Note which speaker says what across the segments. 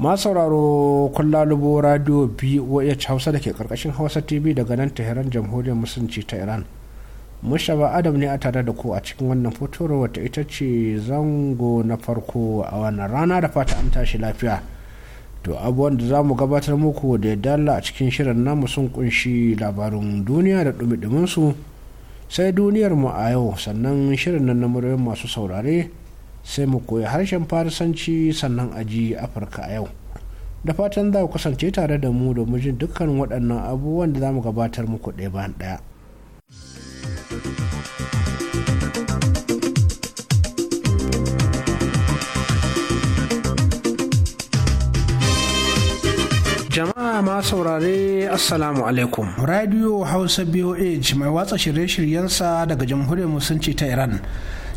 Speaker 1: ma sauraro kun lalubo radio boh hausa da ke karkashin hausa tv daga nan tehran jamhuriyar musulunci ta iran mushaba adam ne a tare da ku a cikin wannan fotoro wata ita ce zango na farko a wannan rana da fata an tashi lafiya to abubuwan da za mu gabatar muku da dala a cikin shirin namu sun kunshi labarin duniya da dumi su sai duniyar mu a yau sannan shirin nan na masu saurare sai mu koya harshen farisanci sannan a ji afirka a yau da fatan za ku kasance tare da mu domin jin dukkan waɗannan abubuwan da za mu gabatar muku ɗaya bayan ɗaya. jama'a ma saurare assalamu alaikum radio hausa boh mai watsa shirye-shiryensa daga jamhuriyar musulunci ta iran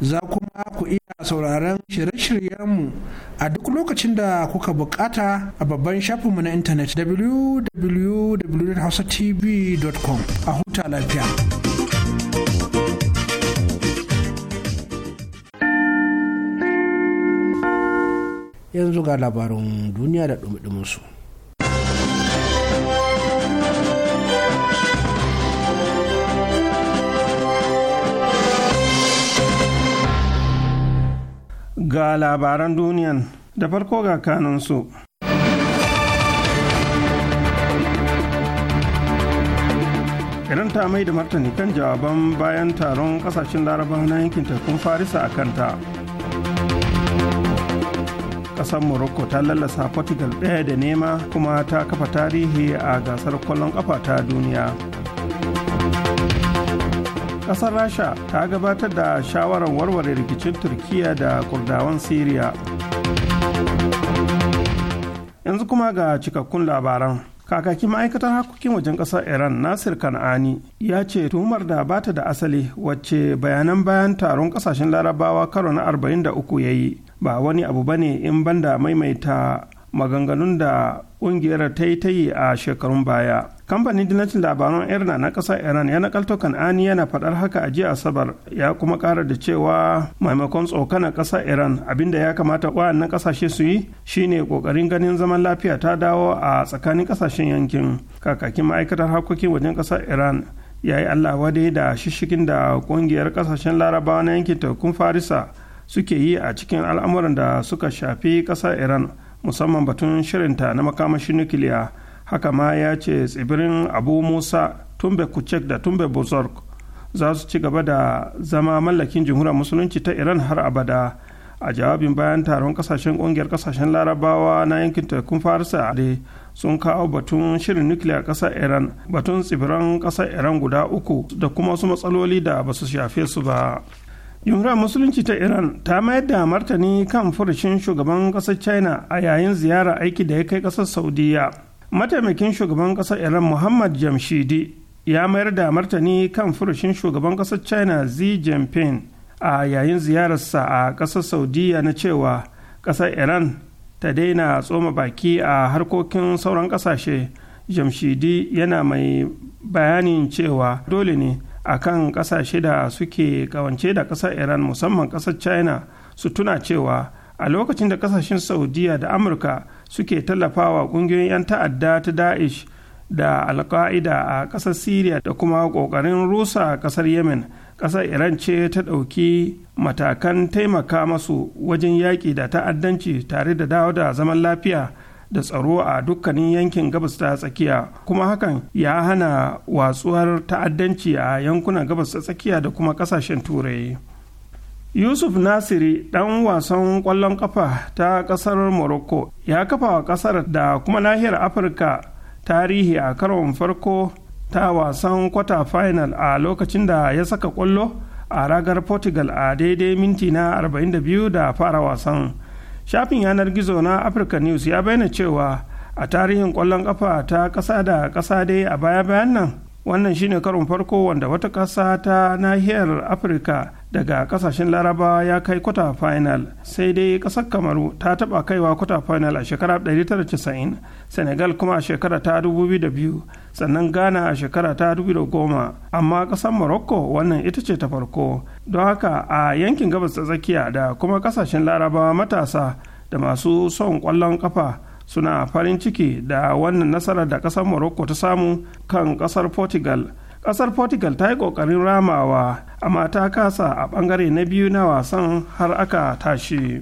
Speaker 1: za kuma ku iya sauraron shirye-shiryenmu a duk lokacin da kuka bukata a babban shafinmu na intanet www.hausatv.com a huta lafiya. yanzu ga labarin duniya da dumi su.
Speaker 2: ga labaran duniyan da farko ga kanunsu. ta mai da martani kan jawaban bayan taron kasashen laraba na yankin tekun Farisa a kanta. Kasar Morocco ta lallasa Portugal ɗaya da nema kuma ta kafa tarihi a gasar kwallon ƙafa ta duniya. kasar rasha ta gabatar da shawarar warware rikicin turkiya da kurdawan syria yanzu kuma ga cikakkun labaran kakakin ma'aikatar harkokin wajen ƙasar iran nasir kan'ani ya ce tuhumar da bata da asali wacce bayanan bayan taron ƙasashen larabawa karo na 43 ya yi ba wani abu bane in banda maimaita maganganun da ƙungiyar ta yi ta yi a shekarun baya kamfanin dinacin labaran irna na ƙasa iran ya nakalto ani yana faɗar haka a jiya asabar ya kuma ƙara da cewa maimakon tsokana ƙasa iran abinda ya kamata na ƙasashe su yi shine ƙoƙarin ganin zaman lafiya ta dawo a tsakanin ƙasashen yankin kakakin ma'aikatar harkokin wajen ƙasar iran ya yi allah wadai da shishikin da ƙungiyar ƙasashen larabawa na yankin tekun farisa suke yi a cikin al'amuran da suka shafi ƙasar iran musamman batun shirinta na makamashin nukiliya haka ma ya ce tsibirin abu musa tumbe kucek da tumbe bozork za su ci gaba da zama mallakin jamhuriyar musulunci ta iran har abada a jawabin bayan taron kasashen kungiyar kasashen larabawa na yankin tekun farisa a sun kawo batun shirin nukiliya kasar iran batun tsibiran kasar iran guda uku da kuma wasu matsaloli da ba su shafe su ba jumhuriyar musulunci ta iran ta mayar da martani kan furucin shugaban kasar china a yayin ziyara aiki da ya kai kasar saudiya mataimakin shugaban kasar iran muhammad jamshidi ya mayar da martani kan furucin shugaban kasar china xi jinping a yayin ziyararsa a kasar saudiya na cewa kasar iran ta daina tsoma baki a harkokin sauran kasashe jamshidi yana mai bayanin cewa dole ne a kan ƙasashe da suke kawance da ƙasar iran musamman ƙasar china su tuna cewa a lokacin da ƙasashen saudiya da amurka suke tallafawa ƙungiyoyin 'yan ta'adda ta da'ish da alka'ida a ƙasar syria da kuma ƙoƙarin rusa ƙasar yemen ƙasar iran ce ta ɗauki matakan taimaka masu wajen yaƙi da ta'addanci tare da dawo da zaman lafiya da tsaro a dukkanin yankin gabas ta tsakiya kuma hakan ya hana watsuwar ta'addanci a yankunan gabas ta tsakiya da kuma kasashen turai yusuf nasiri dan wasan kwallon kafa ta kasar morocco ya kafa wa kasar da kuma nahiyar afirka tarihi a karon farko ta wasan kwata final a lokacin da ya saka kwallo a ragar portugal a daidai minti na 42 da fara wasan shafin yanar gizo na africa news ya bayyana cewa a tarihin kwallon kafa ta kasa da kasa dai a baya-bayan nan wannan shine karon farko wanda wata ƙasa ta nahiyar afirka daga ƙasashen laraba ya kai kwata final sai dai ƙasar kamaru ta taɓa kaiwa kwata final a shekara 1990 senegal kuma a shekara ta 2002 sannan ghana a shekara ta 2010 amma ƙasar morocco wannan ita ce ta farko don haka a yankin gabas ta tsakiya da kuma ƙasashen laraba matasa da masu son kwallon ƙafa suna farin ciki da wannan nasarar da ƙasar morocco ta samu kan ƙasar portugal ƙasar portugal ta yi ƙoƙarin ramawa amma ta kasa a bangare na biyu na wasan har aka tashi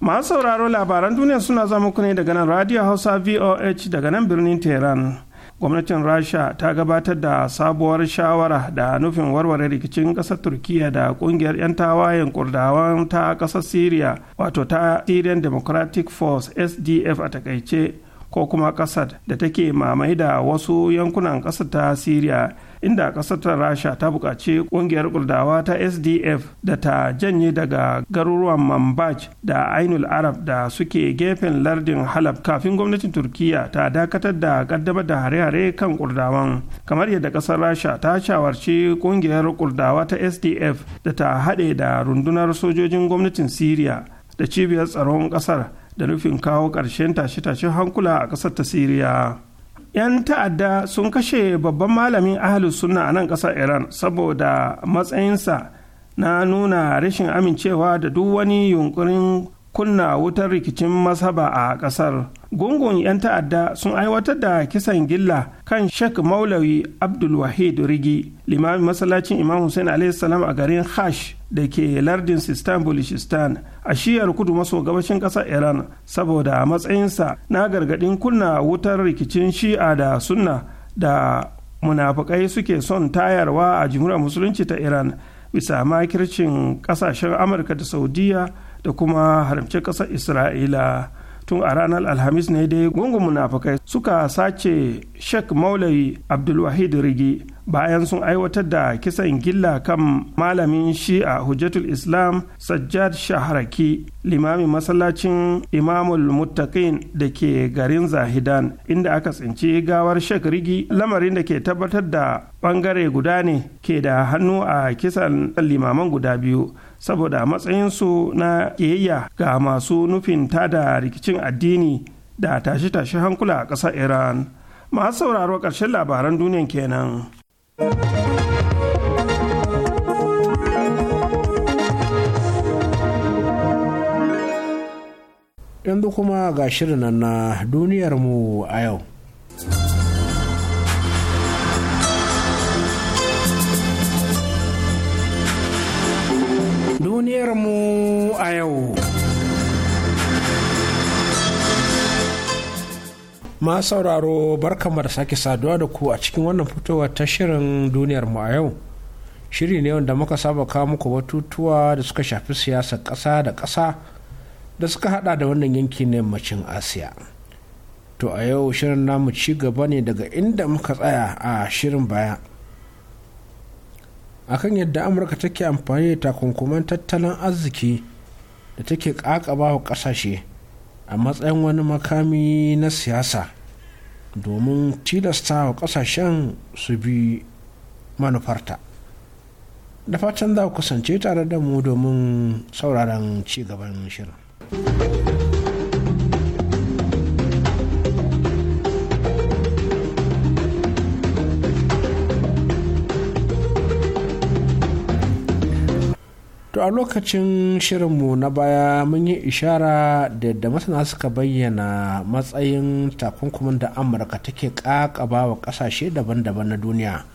Speaker 2: masu sauraro labaran duniya suna zama ku ne daga nan radio hausa voh daga nan birnin tehran gwamnatin rasha ta gabatar da sabuwar shawara da nufin warware rikicin ƙasar turkiya da kungiyar 'yan tawayen kurdawan ta ƙasar syria wato ta syrian democratic force sdf a takaice ko kuma ƙasar da take mamai da wasu yankunan ƙasar ta Siriya inda ƙasar ta Rasha ta buƙaci ƙungiyar kurdawa ta SDF da ta janye daga garuruwan Manbaj da Ainul Arab da suke gefen lardin Halab kafin gwamnatin Turkiyya ta dakatar da ƙaddamar da hare-hare kan kurdawan kamar yadda ƙasar Rasha ta shawarci ƙungiyar kurdawa ta SDF da ta haɗe da rundunar sojojin gwamnatin Siriya da cibiyar tsaron ƙasar da nufin kawo ƙarshen tashe-tashen hankula a ƙasar ta siriya 'yan ta'adda sun kashe babban malamin ahalus sunna a nan ƙasar iran saboda matsayinsa na nuna rashin amincewa da duk wani yunkurin kunna wutar rikicin masaba a ƙasar. Gungun 'yan ta'adda sun aiwatar da kisan gilla kan Sheikh Maulawi Abdulwahid Rigi, limamin masallacin Imam Hussein salam a garin Hash da ke lardin Sistan Bulishistan a shiyar kudu maso gabashin ƙasar Iran saboda matsayinsa na gargaɗin kunna wutar rikicin shi'a da sunna da munafukai suke son tayarwa a jimura musulunci ta Iran bisa makircin ƙasashen Amurka da Saudiya da kuma haramce ƙasar isra'ila tun a ranar alhamis ne dai gungun munafukai suka sace sheikh maulayi abdulwahid rigi bayan sun aiwatar da kisan gilla kan malamin shi'a hujjatul islam sajjad shaharaki limamin masallacin imamul muttaqin da ke garin zahidan inda aka tsinci gawar sheikh rigi lamarin da ke tabbatar da bangare guda ne ke da hannu a kisan limaman guda biyu saboda matsayinsu na kiyayya ga masu nufin tada rikicin addini da tashe-tashe hankula a ƙasar iran masu sauraro ƙarshen labaran duniyan kenan. yanzu
Speaker 1: kuma ga shirin na duniyarmu a yau. duniyarmu a yau. Ma sauraro barkanmu da sake saduwa da ku a cikin wannan fitowar ta shirin duniyarmu a yau. Shiri ne wanda muka saba kawo muku batutuwa da suka shafi siyasar ƙasa da ƙasa da suka hada da wannan yanki na yammacin Asiya. To a yau shirin namu ci gaba ne daga inda muka tsaya a shirin baya. akan yadda amurka take amfani da takunkuman tattalin arziki da take kakaba wa kasashe a matsayin wani makami na siyasa domin tilasta wa kasashen su bi manufarta da fatan za ku kasance tare da mu domin sauraron ci gaban shirin. a lokacin shirinmu na baya mun yi ishara da yadda masana suka bayyana matsayin takunkumin da amurka take kakaba wa kasashe daban-daban na duniya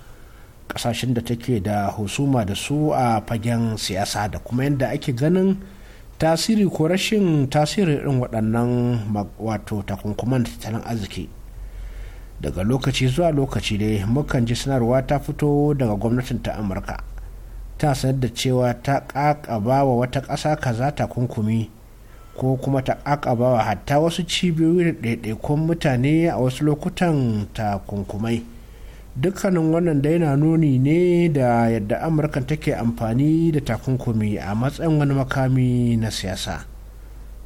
Speaker 1: kasashen da take da husuma da su a fagen siyasa da kuma yadda ake ganin tasiri ko rashin tasiri irin waɗannan wato takunkuman tattalin arziki daga lokaci zuwa lokaci dai mukan ji sanarwa ta fito daga gwamnatin ta amurka ta sanar da cewa ta ƙaƙabawa wa wata ƙasa kaza takunkumi ko kuma ta ƙaƙabawa wa hatta wasu cibiyoyi da ɗaiɗaikun mutane a wasu lokutan takunkumai dukkanin wannan dai na nuni ne da yadda amurka take amfani da takunkumi a matsayin wani makami na siyasa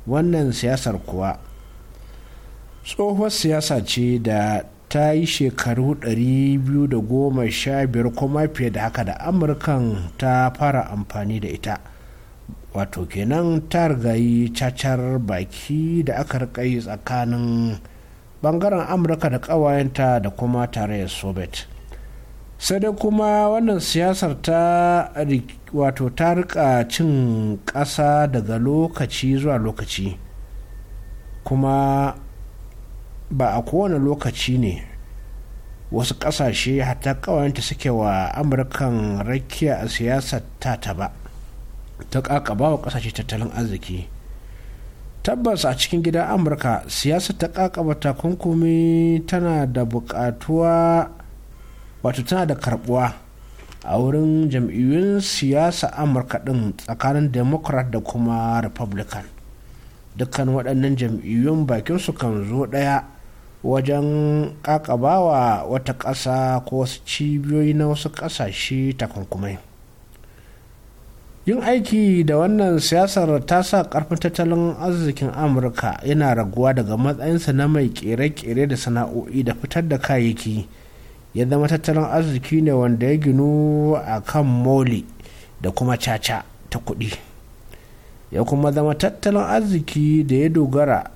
Speaker 1: wannan siyasar kuwa tsohuwar siyasa ce da ta yi shekaru 215 kuma fiye da haka da amurkan ta fara amfani da ita wato kenan ta yi cacar baki da aka yi tsakanin bangaren amurka da ƙawayenta da kuma tarayyar soviet sai dai kuma wannan siyasar ta wato ta rika cin ƙasa daga lokaci zuwa lokaci kuma ba a kowane lokaci ne wasu ƙasashe hatta ƙawayenta suke wa amurkan rakiya a siyasar ta ba ta ƙaƙaba wa ƙasashe tattalin arziki tabbas a cikin gida amurka siyasa ta ƙaƙaba takunkumi tana da bukatuwa wato tana da karɓuwa a wurin jam'iyyun siyasa amurka ɗin tsakanin democrat da kuma republican dukkan waɗannan jam'iyyun bakin su kan zo ɗaya wajen kakabawa wata ƙasa ko wasu cibiyoyi na wasu ƙasashe takunkumai yin aiki da wannan siyasar ta sa ƙarfin tattalin arzikin amurka yana raguwa daga matsayinsa na mai ƙere-ƙere da sana'o'i da fitar da kayayyaki ya zama tattalin arziki ne wanda ya ginu a kan moli da kuma caca ta kuɗi ya kuma zama tattalin arziki da ya dogara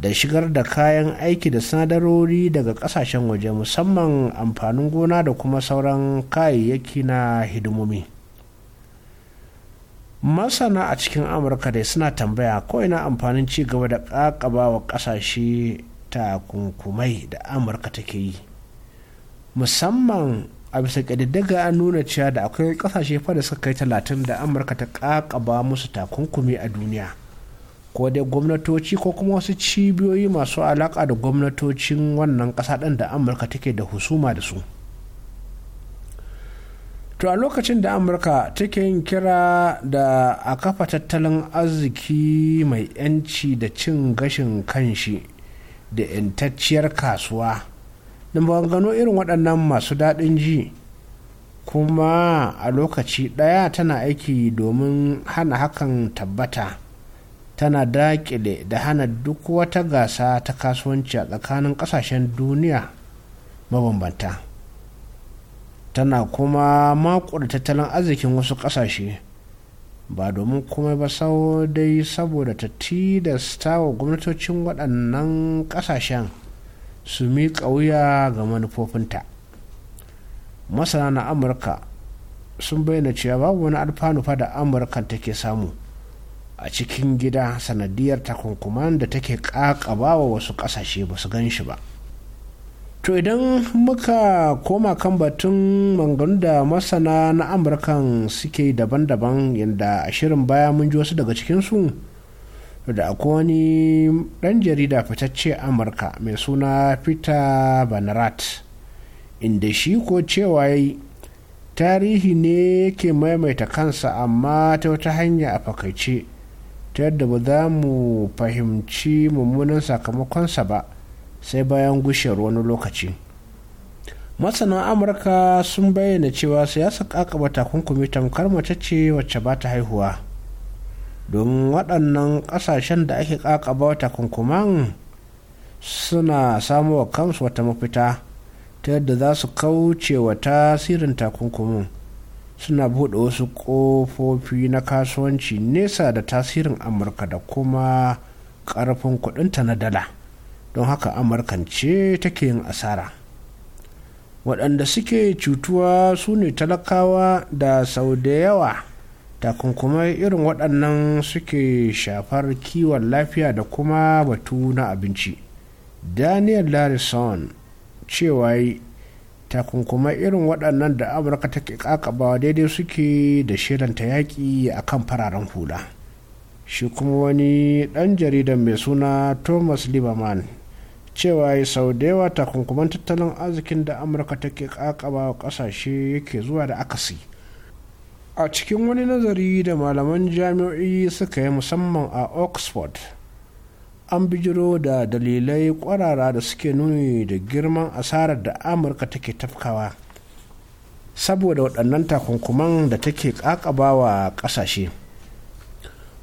Speaker 1: da shigar da kayan aiki da sinadarori daga kasashen waje musamman amfanin gona da kuma sauran kayayyaki na hidimomi masana a cikin amurka dai suna tambaya ko ina amfanin ci gaba da kakaba wa kasashe takunkumai da amurka take yi musamman a bisa ƙididdiga an nuna cewa da akwai kasashe fa da suka kai talatin da amurka ta kakaba musu takunkumi a duniya ko dai gwamnatoci ko kuma wasu cibiyoyi masu alaka da gwamnatocin wannan ƙasa ɗin da amurka take da husuma da su to a lokacin da amurka take yin kira da a kafa tattalin arziki mai 'yanci da cin gashin kanshi da 'yantacciyar kasuwa da maganganu irin waɗannan masu daɗin ji kuma a lokaci ɗaya tana aiki domin hana hakan tabbata tana dakile da hana duk wata gasa ta kasuwanci a tsakanin ƙasashen duniya mabambanta tana kuma da tattalin arzikin wasu ƙasashe, ba domin kumai ba sau dai saboda ta tilasta wa gwamnatocin waɗannan ƙasashen su miƙa wuya ga manufofinta masana na amurka sun bayyana cewa babu wani alfanu da amurka take samu a cikin gida sanadiyar takunkuman da take wa wasu ƙasashe ba su gan shi ba to idan muka koma kan batun manganu da masana na amurka suke daban-daban yadda a shirin baya mun ji wasu daga cikinsu da akwai wani ɗan jarida fitacce amurka mai suna peter banarat inda shi ko cewa yi tarihi ne ke maimaita kansa amma ta wata hanya a fakaice ta yadda ba za mu fahimci mummunan sakamakonsa ba sai bayan gushewar wani lokaci masana amurka sun bayyana cewa siyasa kakaba takunkumi tamkar mace ce wacce ba ta haihuwa domin waɗannan ƙasashen da ake kakaba takunkuman suna samuwa kansu wata mafita ta yadda za su kauce wa tasirin takunkumin suna buɗe wasu ƙofofi na kasuwanci nesa da tasirin amurka da kuma ƙarfin kuɗinta na dala don haka amurkan ce take yin asara waɗanda suke cutuwa su ne talakawa da sau da yawa takunkumai irin waɗannan suke shafar kiwon lafiya da kuma batu na abinci daniel larison cewa takunkuma irin waɗannan da amurka take kakabawa daidai suke da shirinta yaƙi a kan fararen hula shi kuma wani ɗan jaridan mai suna thomas Liverman, cewa sau da yawa takunkuman tattalin arzikin da amurka take kakabawa ƙasashe yake zuwa da akasi a cikin wani nazari da malaman jami'o'i suka yi musamman a oxford an bijiro da dalilai kwarara da suke nuni da girman asarar da amurka take tafkawa saboda waɗannan takunkuman da take ƙaƙabawa ƙasashe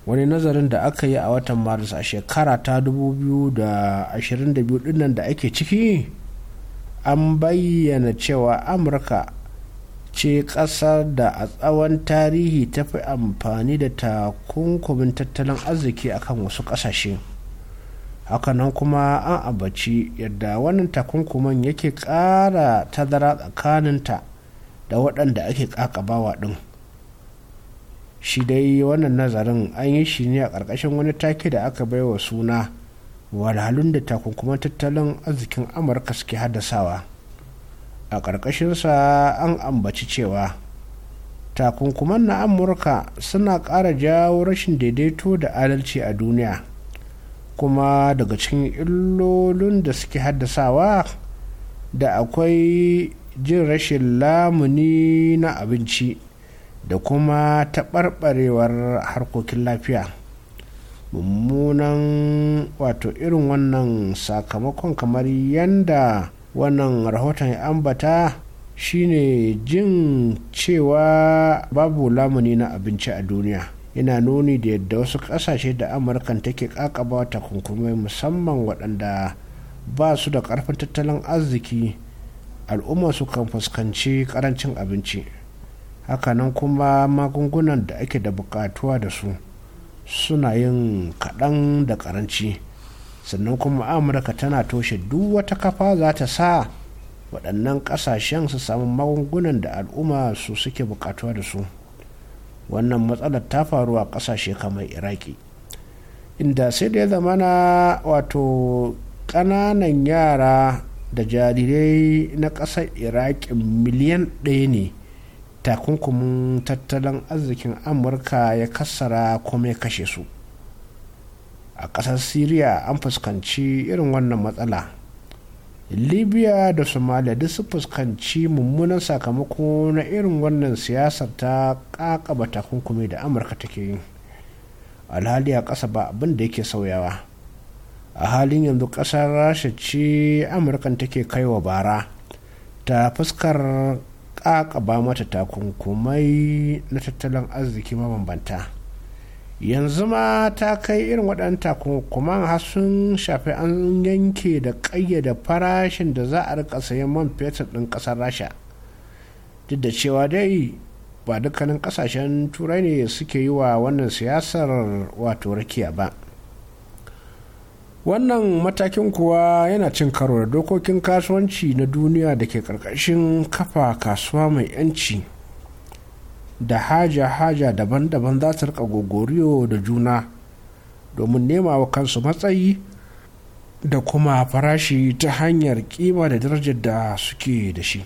Speaker 1: wani nazarin da aka yi a watan maris a shekara ta 2022 dinnan da ake ciki an bayyana cewa amurka ce ƙasa da a tsawon tarihi ta fi amfani da takunkumin tattalin arziki akan wasu ƙasashe. hakanan kuma an abaci yadda wannan takunkuman yake ƙara tazara tsakaninta da waɗanda ake ƙaƙabawa ɗin shi dai wannan nazarin an yi shi ne a ƙarƙashin wani take da aka baiwa suna walhalun da takunkuman tattalin arzikin amurka suke haddasawa a ƙarƙashinsa an ambaci cewa takunkuman na amurka suna ƙara jawo rashin daidaito da adalci a duniya kuma daga cikin illolin da suke haddasawa da akwai jin rashin lamuni na abinci da kuma taɓarɓarewar harkokin lafiya mummunan wato irin wannan sakamakon kamar yanda wannan rahoton ya ambata shine jin cewa babu lamuni na abinci a duniya yana nuni da yadda wasu kasashe da amurka take kakaba takunkumai musamman waɗanda ba su da ƙarfin tattalin arziki al'umma su kan fuskanci ƙarancin abinci hakanan kuma magungunan da ake da buƙatuwa da su suna yin kaɗan da ƙaranci sannan kuma amurka tana toshe duk wata kafa za ta sa waɗannan ƙasashen su samu magungunan da al'umma su suke buƙatuwa da su wannan matsalar ta faru a ƙasashe kamar iraki inda sai da ya na wato ƙananan yara da jarirai na ƙasar iraki miliyan ɗaya ne takunkumin tattalin arzikin amurka ya kassara kuma ya kashe su a ƙasar syria an fuskanci irin wannan matsala libya da somalia duk su fuskanci mummunan sakamako na irin wannan siyasar ta kakaba takunkumi da amurka take yi alhali a ƙasa ba abinda da yake sauyawa a halin yanzu ƙasar rasha ce amurkan take kai wa bara ta fuskar kakaba mata takunkumai na tattalin arziki mabambanta yanzu ma ta kai irin waɗanta kuma har sun shafi an yanke da ƙayyada farashin da za a rika sayan man fetur ɗin ƙasar rasha duk da cewa dai ba dukkanin ƙasashen turai ne suke yi wa wannan siyasar wato rakiya ba wannan matakin kuwa yana cin karo da dokokin kasuwanci na duniya da ke ƙarƙashin kafa kasuwa mai 'yanci. da haja-haja daban-daban za su rika gogoriyo da juna domin nema wa kansu matsayi da kuma farashi ta hanyar kima da darajar da suke da shi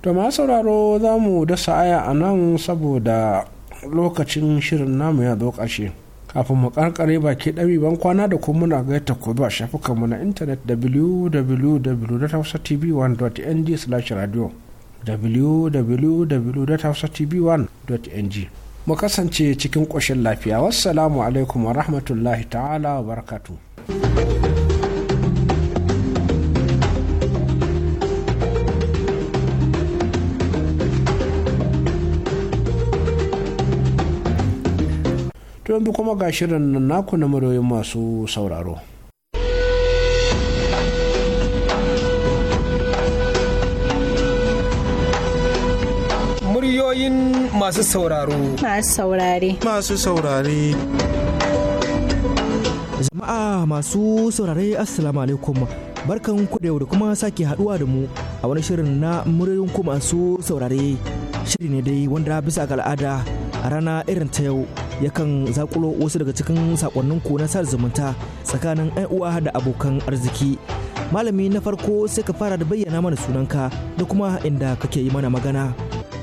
Speaker 1: to ma sauraro za mu dasa aya a nan saboda lokacin shirin namu ya zo ƙarshe kafin mu karkare baki ɗari ban kwana da kuma muna gaita ku zuwa shafukanmu na intanet www.hausatv1.ng/radio www.hausatv1.ng mu kasance cikin ƙoshin lafiya wassalamu alaikum wa rahmatullahi ta'ala wa barakatu. to yanzu kuma ga shirin naku na muryoyin masu sauraro.
Speaker 3: Muryoyin masu sauraro.
Speaker 4: Masu saurare.
Speaker 5: Masu saurare. Jama'a masu saurare Assalamu alaikum. Barkan ku da yau da kuma sake haduwa da mu a wani shirin na muryoyin ku masu saurare. Shiri ne dai wanda bisa ga al'ada a rana irin ta yau yakan zakulo wasu daga cikin sakonnin ku na sa zumunta tsakanin ƴan uwa da abokan arziki. Malami na farko sai ka fara da bayyana mana sunanka da kuma inda kake yi mana magana.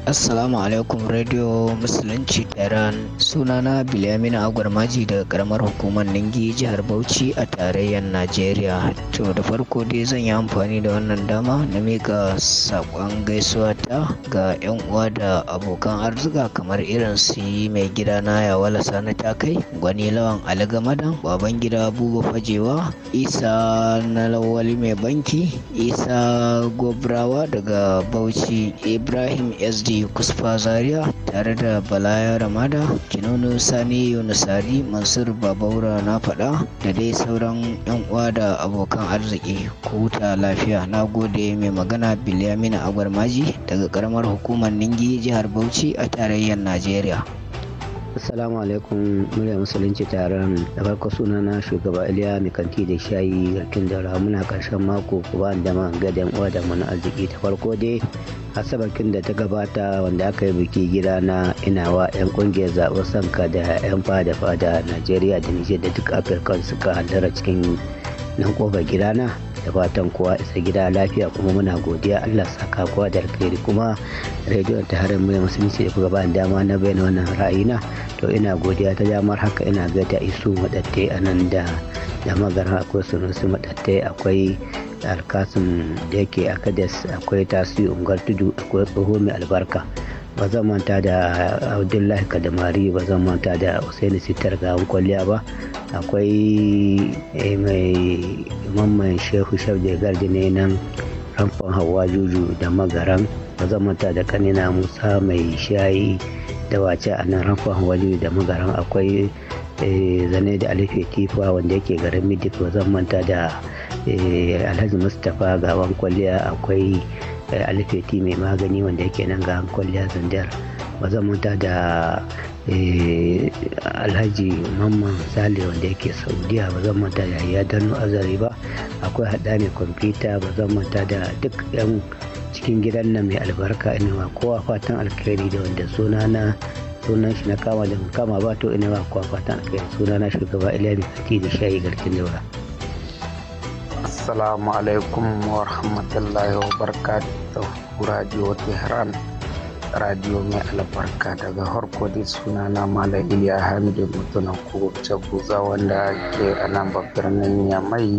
Speaker 6: Assalamu alaikum Radio Musulunci Tehran sunana Bilyamina Agwarmaji daga karamar hukumar Ningi jihar Bauchi a tarayyar Najeriya. To da farko dai zan yi amfani da wannan dama na mika saƙon gaisuwa ta ga 'yan uwa da abokan arzika kamar irin su mai gida na Yawala Sani Takai, Gwani Lawan Alagamadan, Baban gida Buba Fajewa, Isa na Lawali Mai Banki, Isa Gobrawa daga Bauchi, Ibrahim SD kusfa zaria tare da Bala ya ramada kinono sani yunusari mansur babaura na faɗa da dai sauran yan uwa da abokan arziki ku huta lafiya na gode mai magana bilyamina agwarmaji daga karamar hukumar ningi jihar bauchi a tarayyar najeriya assalamu alaikum murya musulunci taron da farko suna na shugaba iliya mai kanti da shayi garkin da muna karshen mako ba da man gadan uwa da mana arziki ta farko dai asabar kin da ta gabata wanda aka yi biki gida na inawa yan kungiyar zaɓen sanka da yan fada fada najeriya da nijar da duk afirka suka halara cikin nan kofar gida na. da fatan kowa isa gida lafiya kuma muna godiya Allah saka kowa da alkhairi kuma rediyo ta harin mai musulunci da kuka bani dama na bayyana wannan ra'ayina to ina godiya ta damar haka ina ga ta isu madatte a nan da da magana akwai sunusu madatte akwai alkasim da yake akades akwai tasiri ungar tudu akwai tsoho mai albarka ba zan manta da abdullahi kadamari ba zan manta da usaini sitar ga kwalliya ba akwai eh, mai mamman shehu da gardi ne nan ramfan hawa juju da magaran ba zan manta da kanina musa mai shayi da wace a nan ramfan hawa juju da magaran akwai eh, zane da alife tifa wanda yake garin midif ba zan manta da Eh, alhaji mustapha gawan kwalliya akwai eh, alifeti mai magani wanda yake nan ga kwalliya zandar manta da eh, alhaji mamman sale wanda yake saudiya ba zan manta da ya dano azari ba akwai hada mai kwamfuta ba zan manta da duk yan cikin gidan nan mai albarka inuwa kowa fatan alkhairi da wanda suna na sunan shi na kama da kama ba to inuwa kowa fatan alkhairi suna na shugaba iliya mai da shayi garkin daura.
Speaker 7: assalamu alaikum wa rahmatullahi wa da radio tehran radio mai albarka daga harko suna na mala iliya hamidu mutunan kowace buza wanda ke anan nan babbar nan mai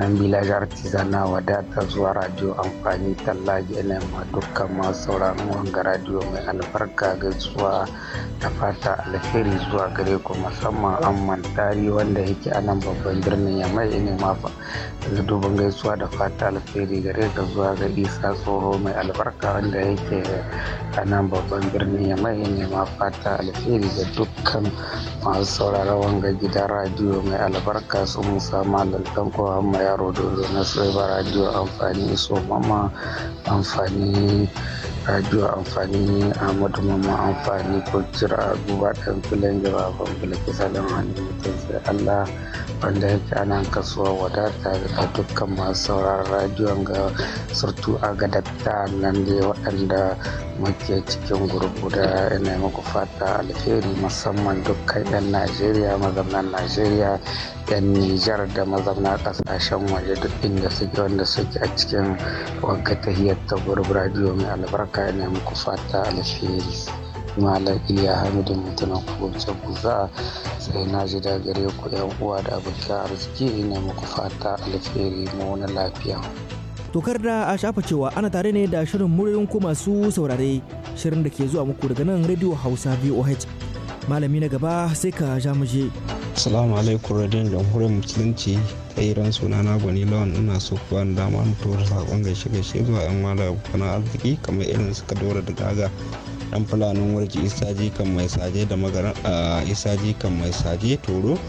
Speaker 7: nan village artisana wadata zuwa radio amfani tallage ina ma dukkan masu sauraron wanga radio mai albarka gaisuwa da fata alheri zuwa gare ku musamman amman tari wanda yake a nan babban birnin ya mai ina ma fa dubin gaisuwa da fata alheri gare ka zuwa ga isa tsoro mai albarka wanda yake a nan babban birnin ya mai ina ma fata alheri ga dukkan masu sauraron wanga gidan radio mai albarka su musa malam tanko yaro dodo na tsirba radio amfani iso mama amfani radio amfani amadu mama amfani kultura guba ɗan filan gaba ban filaki salon hannun mutum sai allah wanda yake a kasuwa, wadata ga dukkan masu sauraron radiyon ga surtu a ga dakta nan da waɗanda muke cikin gurbu da ina muku fata alheri musamman dukkan 'yan najeriya mazaunan najeriya 'yan nijar da mazauna ƙasashen waje duk inda suke wanda suke a cikin wagga tahiyar ta gurbu radio mai albarka ina muku fata alheri malam iliya hamidu mai tanan za kuza sai na ji da gare ku yan uwa da abokan arziki ina muku fata alheri mu na lafiya
Speaker 5: tokar da a shafa cewa ana tare ne da shirin muryoyin ku masu saurare shirin da ke zuwa muku daga nan radio hausa voh
Speaker 8: malami na gaba sai ka ja muje Assalamu alaikum radiyon jamhuriyar musulunci ta iran suna na gwani lawan ina so kuwa dama mutuwar saƙon gaishe gaishe zuwa yan wada na arziki kamar irin suka dora da daga dan fulanin warji isa jikan mai saje da magaran isa jikan mai saje toro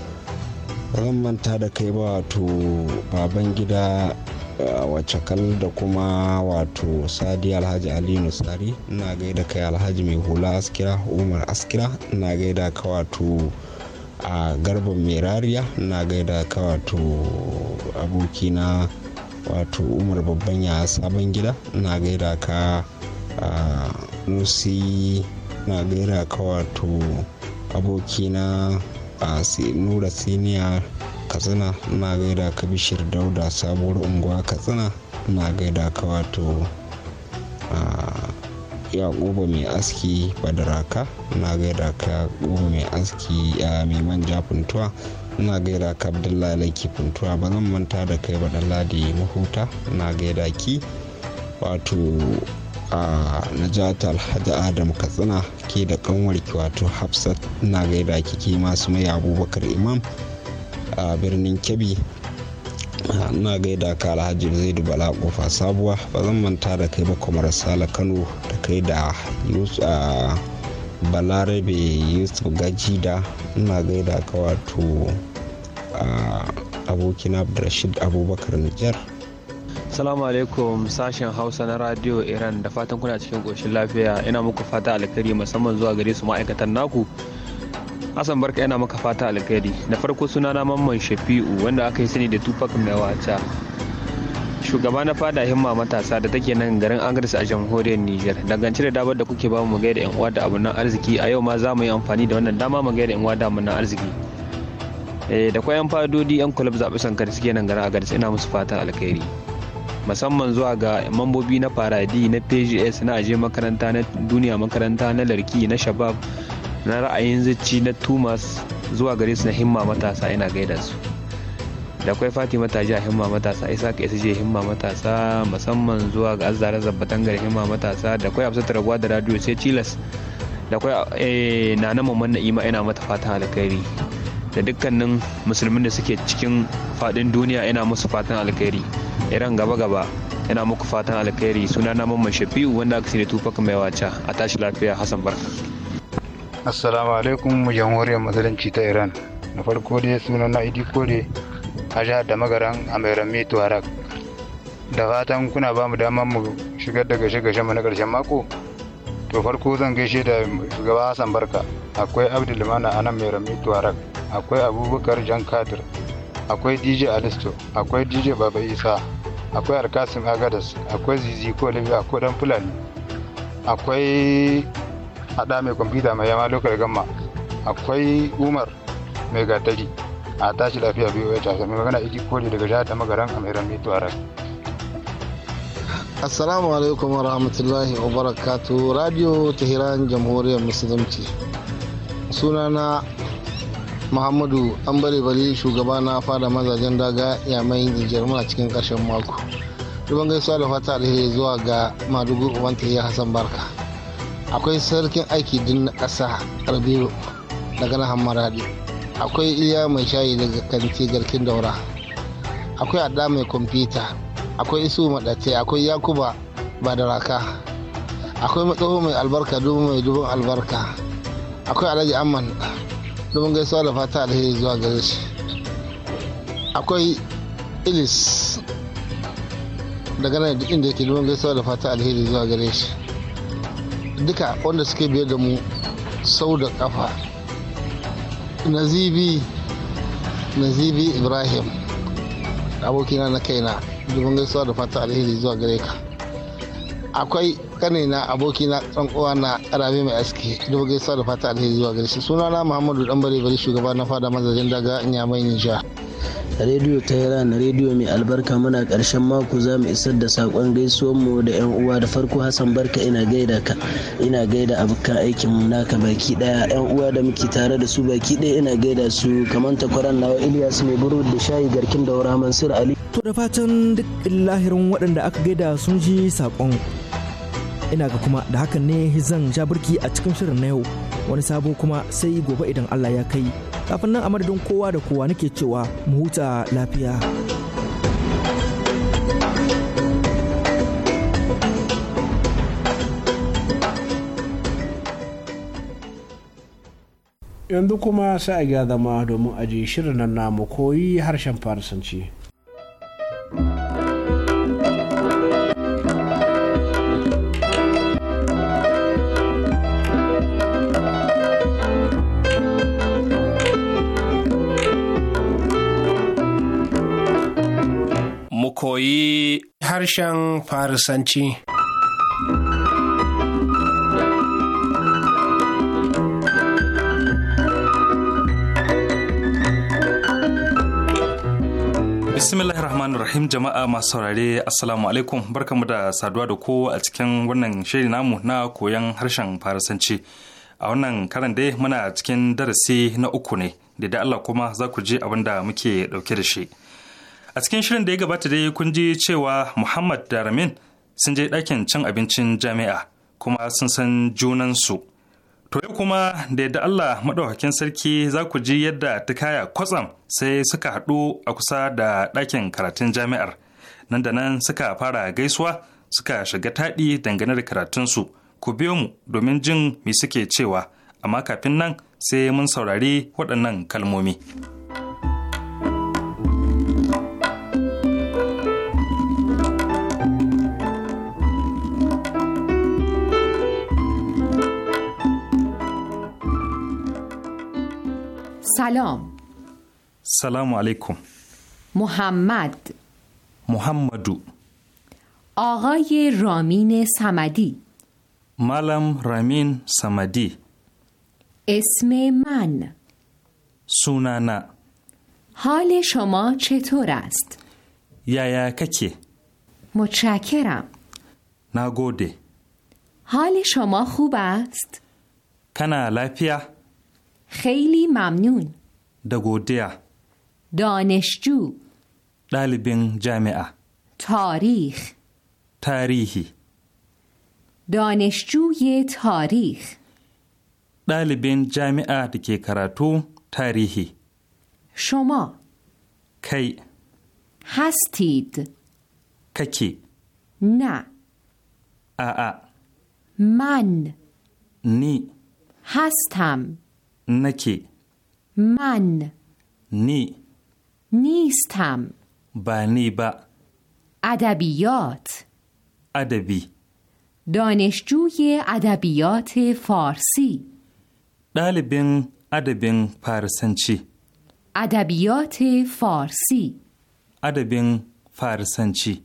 Speaker 8: ran manta da kai ba wato baban gida wacce kal da kuma wato sadi alhaji ali nusari ina gaida kai alhaji mai hula askira umar askira ina gaida ka wato a garban merariya ina gaida ka wato abokina wato umar babban ya sabon gida ina gaida ka musi na gaira ka wato abokina a nura siniya katsina na gaida ka bishir dauda sabuwar unguwa katsina na gaida ka wato goma mai aski badaraka na gaida ka goma mai aski mai manja funtuwa na gaida ka abdullahi laiki funtuwa ba zan manta da kai ba dan ladi mahuta na gaida ki wato a najat alhaji adam katsina ke da kanwarki wato hafsat na gaida kike masu mai abubakar imam a birnin kebbi na gaida ka alhaji zaidu bala kofa sabuwa ba zan manta da kai ba kuma sala kano da kai da balarabe yusuf gajida ina gaida ka wato abokina abdurrashid abubakar nijar
Speaker 9: Salamu alaikum sashen Hausa na Radio Iran da fatan kuna cikin ƙoshin lafiya ina muku fata alkhairi musamman zuwa gare su ma'aikatan naku. Hassan barka yana maka fata alkhairi da farko suna na mamman Shafi'u wanda aka yi sani da Tupac mai wata. Shugaba na fada himma matasa da take nan garin Angers a jamhuriyar Niger dangance da damar da kuke bamu mu gaida yan uwa da abunan arziki a yau ma za mu yi amfani da wannan dama mu gaida yan uwa da abunan arziki. Eh, da kwayan fadodi yan kulub zaɓi sankar suke nan garin Angers ina musu fata alkhairi. musamman zuwa ga mambobi na faradi na pgs na aje makaranta na duniya makaranta na larki na shabab na ra'ayin zici na tumas zuwa gare su na himma matasa ina gaida su da kwai fatima ta a himma matasa isa ka isa je himma matasa musamman zuwa ga azara zabbatan gari himma matasa da kwai abu rabuwa da radio sai tilas da kwai eh, na na mamman ima ina mata fatan alkhairi da dukkanin musulmin da suke cikin fadin duniya ina musu fatan alkhairi iran gaba gaba yana muku fatan alkhairi suna na mamman shafi'u wanda aka sani tufaka mai wacha a tashi lafiya hassan barka
Speaker 8: assalamu alaikum jamhuriyar musulunci ta iran na farko dai suna na idi kore
Speaker 9: a jihar da magaran a mai rami tuwarak da fatan kuna ba
Speaker 3: mu damar mu shigar da gashe-gashe mu na ƙarshen mako to farko zan gaishe da gaba hassan barka akwai abdulmana anan mai rami tuwarak akwai abubakar jan kadir akwai dj alisto akwai dj baba isa akwai alkasim agadas akwai zizi ko libya akwai dan fulani
Speaker 10: akwai hada mai kwamfuta mai yama lokal gamma akwai umar mai gatari a tashi lafiya biyu ya tasa mai magana iji koli daga
Speaker 8: jihar da magaran amiran mito a
Speaker 10: assalamu alaikum wa rahmatullahi wa barakatu radio tehran jamhuriyar musulunci sunana muhammadu an bari bari shugaba na fada mazajen daga yamai nijar a cikin karshen mako ruban gaisuwa da fata alheri zuwa ga madugu uban ya hasan barka akwai sarkin aiki din na ƙasa arbiro daga na hamaradi akwai iya mai shayi daga kanti garkin daura akwai adda mai kwamfuta akwai isu maɗate akwai yakuba ba da raka akwai matsawo mai albarka dubu mai dubun albarka akwai alhaji amman domin gaisuwa da fata alheri zuwa gare shi akwai ilis daga nan duk inda yake domin gaisuwa da fata alheri zuwa gare shi duka wanda suke biye da mu sau da kafa nazibi nazibi ibrahim abokina na kaina domin gaisuwa da fata alheri zuwa gare ka akwai kanina abokina ɗan uwa na rabi mai aski dubu gaisuwa da fata alheri zuwa gare sunana muhammadu dan bare bari shugaba na fada mazajin daga inyamai nijar radio ta Iran rediyo mai albarka muna karshen mako za mu isar da sakon gaisuwan mu da yan uwa da farko Hassan
Speaker 5: barka ina gaida ka ina gaida abokan aikin mu naka baki daya yan uwa da muke tare da su baki daya ina gaida su kamar takwaran nawa Ilyas mai buru da shayi garkin daura Mansur Ali to da fatan duk lahirin waɗanda aka gaida sun ji sakon ina ga kuma da hakan ne zan ja birki a cikin shirin na yau wani sabo kuma sai gobe idan Allah ya kai kafin nan a madadin kowa da kowa nake cewa mu huta lafiya
Speaker 1: yanzu kuma sai a da zama domin aji shirin nan namu koyi harshen farisanci harshen Farisanci.
Speaker 11: bismillah rahmanu rahim jama'a masu saurare assalamu alaikum barkamu da saduwa da ko a cikin wannan shiri namu na koyon harshen farisanci a wannan karan dai muna cikin darasi na uku ne da da Allah kuma za ku je abin da muke dauke da shi a cikin shirin da ya gabata dai kun ji cewa muhammad da ramin sun je ɗakin cin abincin jami'a kuma sun san junansu to yau kuma da yadda allah maɗaukakin sarki za ku ji yadda ta kaya kwatsam sai suka haɗu a kusa da ɗakin karatun jami'ar nan da nan suka fara gaisuwa suka shiga taɗi dangane da karatunsu ku biyo mu domin jin me suke cewa amma kafin nan sai mun saurari waɗannan kalmomi. سلام سلام علیکم
Speaker 12: محمد
Speaker 11: محمدو
Speaker 12: آقای رامین سمدی
Speaker 11: ملم رامین سمدی
Speaker 12: اسم من
Speaker 11: سونانا
Speaker 12: حال شما چطور است؟
Speaker 11: یا ککی
Speaker 12: متشکرم نگوده حال شما خوب است؟
Speaker 11: کنا لپیا
Speaker 12: خیلی ممنون دگودیا دانشجو
Speaker 11: دالبین جامعه
Speaker 12: تاریخ
Speaker 11: تاریخی
Speaker 12: دانشجوی تاریخ
Speaker 11: دالبین جامعه دکی کراتو تاریخی
Speaker 12: شما کی هستید ککی نه آآ من نی هستم نکی من نی نیستم
Speaker 11: بانی با
Speaker 12: ادبیات ادبی دانشجوی ادبیات فارسی
Speaker 11: دالبین ادبین فارسنچی
Speaker 12: ادبیات فارسی
Speaker 11: ادبین فارسنچی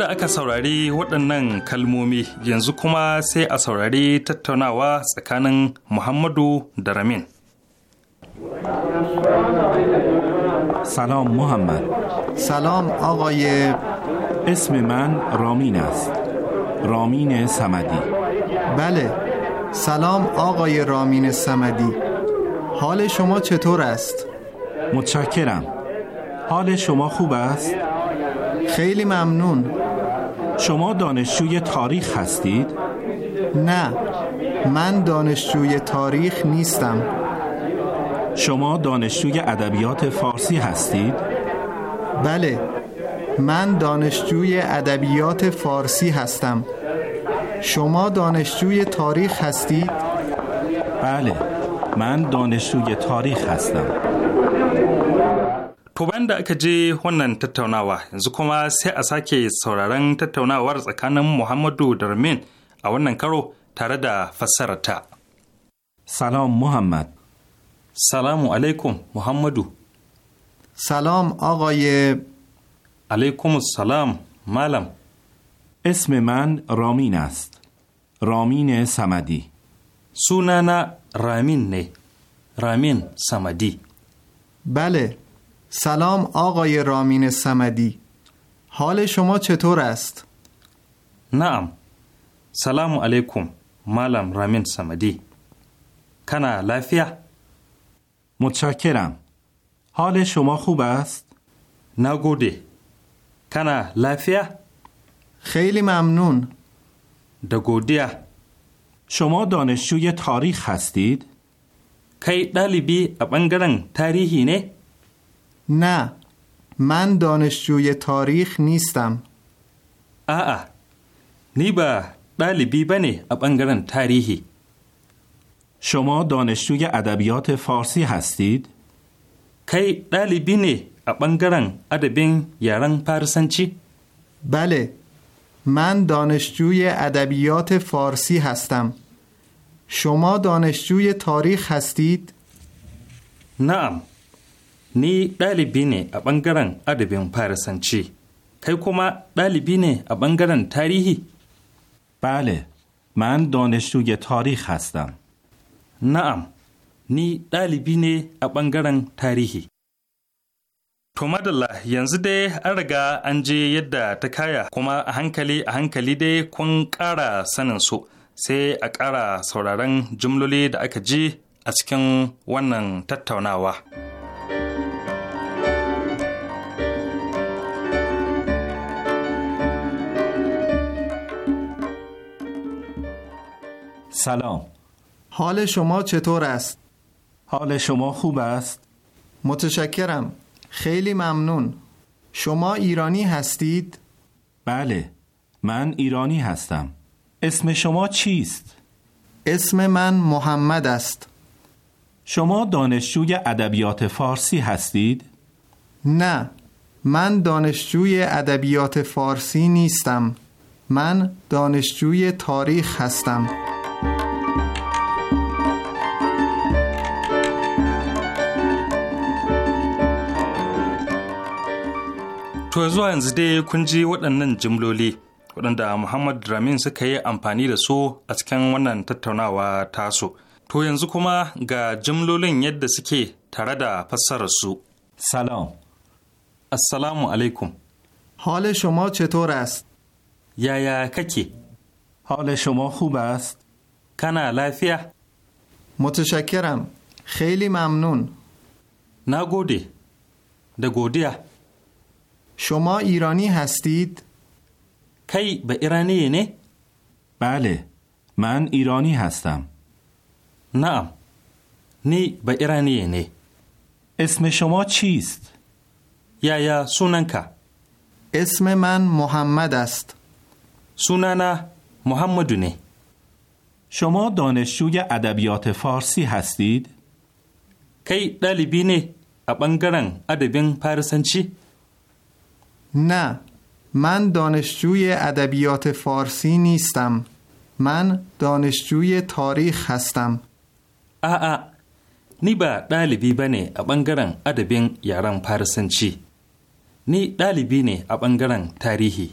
Speaker 11: da aka saurari waɗannan کلمومی yanzu kuma sai a saurari tattaunawa tsakanin درامین
Speaker 13: سلام محمد
Speaker 14: سلام آقای
Speaker 13: اسم من رامین است رامین سمدی
Speaker 14: بله سلام آقای رامین سمدی حال شما چطور است؟ متشکرم حال شما خوب است؟ خیلی ممنون شما دانشجوی تاریخ هستید؟ نه من دانشجوی تاریخ نیستم
Speaker 13: شما دانشجوی ادبیات فارسی هستید؟
Speaker 14: بله من دانشجوی ادبیات فارسی هستم شما دانشجوی تاریخ هستید؟ بله من دانشجوی
Speaker 13: تاریخ هستم
Speaker 11: To bayan da aka je wannan tattaunawa yanzu kuma sai a sake sauraron tattaunawar tsakanin Muhammadu da a wannan karo tare da fassararta.
Speaker 13: Salam Muhammad.
Speaker 11: Salamu alaikum Muhammadu. Salam آقای علیکم السلام Malam. اسم من رامین است
Speaker 14: رامین سمدی سونانا رامین نه رامین سمدی بله سلام آقای رامین سمدی حال شما چطور است؟ نعم سلام علیکم
Speaker 11: مالم رامین سمدی کنا لافیه متشکرم حال شما خوب است؟ نگوده کنا لافیه خیلی ممنون دگودیه شما دانشجوی تاریخ هستید؟ کی دلیبی
Speaker 14: ابنگرن تاریخی نه؟ نه من دانشجوی تاریخ نیستم
Speaker 11: آه نی با بی بله، بنی اب انگرن تاریخی شما دانشجوی ادبیات فارسی هستید؟ کی بله، بی نی اب انگرن ادبین یارن پرسنچی؟
Speaker 14: بله من دانشجوی ادبیات فارسی هستم شما دانشجوی تاریخ هستید؟
Speaker 11: نعم Ni ɗalibi ne a ɓangaren adabin Farisanci, kai kuma ɗalibi ne a ɓangaren tarihi? Bale, man دانشجوی tarihi hastan na'am ni ɗalibi ne a ɓangaren tarihi. To madalla yanzu dai an riga an je yadda ta kaya kuma a hankali a hankali dai kun ƙara sanin su sai a ƙara sauraron jimloli da aka ji a cikin wannan tattaunawa.
Speaker 14: سلام حال شما چطور است؟ حال شما خوب است؟ متشکرم خیلی ممنون شما ایرانی هستید؟ بله من ایرانی هستم اسم شما
Speaker 13: چیست؟ اسم من محمد است شما دانشجوی ادبیات فارسی هستید؟
Speaker 14: نه من دانشجوی ادبیات فارسی نیستم من دانشجوی تاریخ هستم
Speaker 11: To zuwa yanzu dai kun ji waɗannan jimloli waɗanda Muhammad Ramin suka yi amfani da su a cikin wannan tattaunawa taso. To yanzu kuma ga jimlolin yadda suke tare da fassarar su. Salam. Assalamu alaikum.
Speaker 14: حال شما cetoras. Yaya kake? ککی حال hubas. Kana lafiya? کنا لافیه متشکرم خیلی ممنون
Speaker 11: Da godiya. شما ایرانی هستید؟ کی به ایرانی نه؟ یعنی؟ بله من ایرانی هستم نه نی به ایرانی نه یعنی. اسم شما چیست؟ یا یا سوننکا
Speaker 13: اسم من محمد است محمدو محمدونه شما دانشجوی ادبیات فارسی هستید؟ کی دلی بینه ا ادبین
Speaker 14: پرسنچی؟ نه من دانشجوی ادبیات فارسی نیستم من دانشجوی تاریخ هستم
Speaker 11: آآ ni ba ɗalibi ba ne a ɓangaren adabin yaren farisanci ni ɗalibi ne a ɓangaren tarihi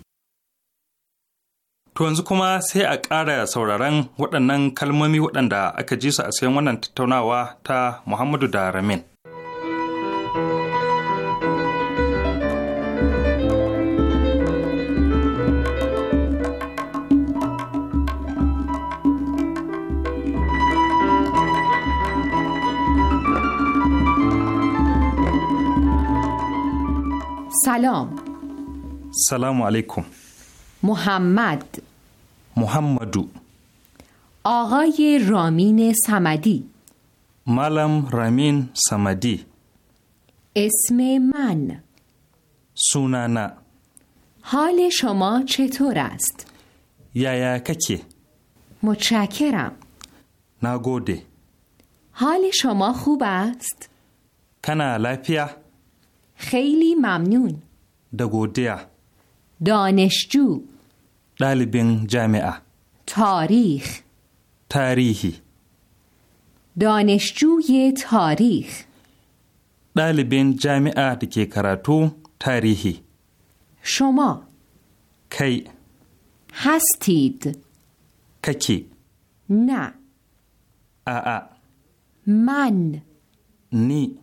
Speaker 11: To yanzu kuma sai a ƙara sauraron waɗannan kalmomi waɗanda aka ji su a sayan wannan tattaunawa ta Muhammadu da Ramin. سلام سلام علیکم
Speaker 12: محمد
Speaker 11: محمدو
Speaker 12: آقای رامین سمدی
Speaker 11: ملم رامین سمدی
Speaker 12: اسم من
Speaker 11: سونانا
Speaker 12: حال شما چطور است؟
Speaker 11: یا ککی
Speaker 12: متشکرم نگوده حال شما خوب است؟
Speaker 11: کنا لپیه
Speaker 12: خیلی ممنون دا دانشجو
Speaker 11: دالبین جامعه
Speaker 12: تاریخ
Speaker 11: تاریخی
Speaker 12: دانشجوی تاریخ
Speaker 11: دالبین جامعه دکی کراتو تاریخی
Speaker 12: شما کی هستید ککی نه آآ من نی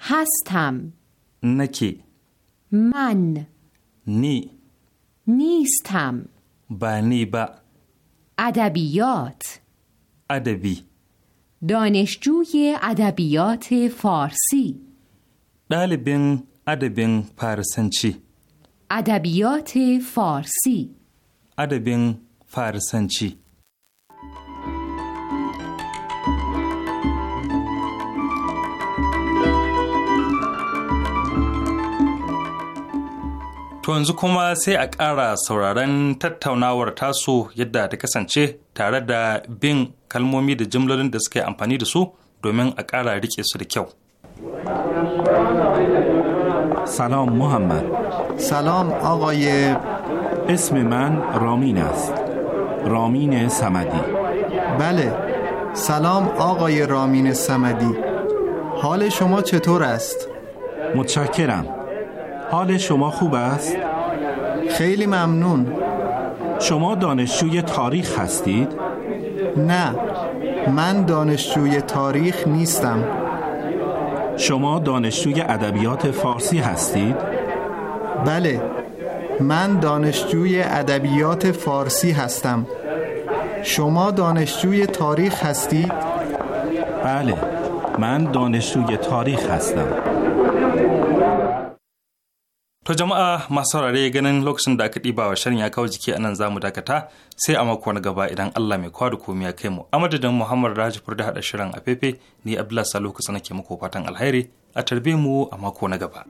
Speaker 12: هستم نکی من نی نیستم بانی با ادبیات ادبی دانشجوی ادبیات فارسی
Speaker 11: طالبین ادبین فارسنچی
Speaker 12: ادبیات فارسی
Speaker 11: ادبین فارسنچی To yanzu kuma sai a ƙara sauraron tattaunawar tasu yadda ta kasance tare da bin kalmomi da jimlolin da suke amfani da su domin a ƙara riƙe su da kyau.
Speaker 13: سلام محمد سلام آقای اسم من رامین است رامین سمدی
Speaker 14: بله سلام آقای رامین سمدی حال شما چطور است؟ متشکرم حال شما خوب است؟ خیلی ممنون شما دانشجوی تاریخ هستید؟ نه من دانشجوی تاریخ نیستم
Speaker 13: شما دانشجوی ادبیات فارسی هستید؟
Speaker 14: بله من دانشجوی ادبیات فارسی هستم شما دانشجوی تاریخ هستید؟ بله من دانشجوی تاریخ
Speaker 13: هستم To jama'a masu saurare ganin
Speaker 11: lokacin da aka ɗiba wa shirin ya kawo jiki a nan zamu dakata sai a mako na gaba idan Allah mai kwa da komai ya kai mu. A madadin Muhammad Rajifur da haɗa shirin a fefe ni Abdullahi Salihu kusa nake muku fatan alheri a tarbe mu a mako na gaba.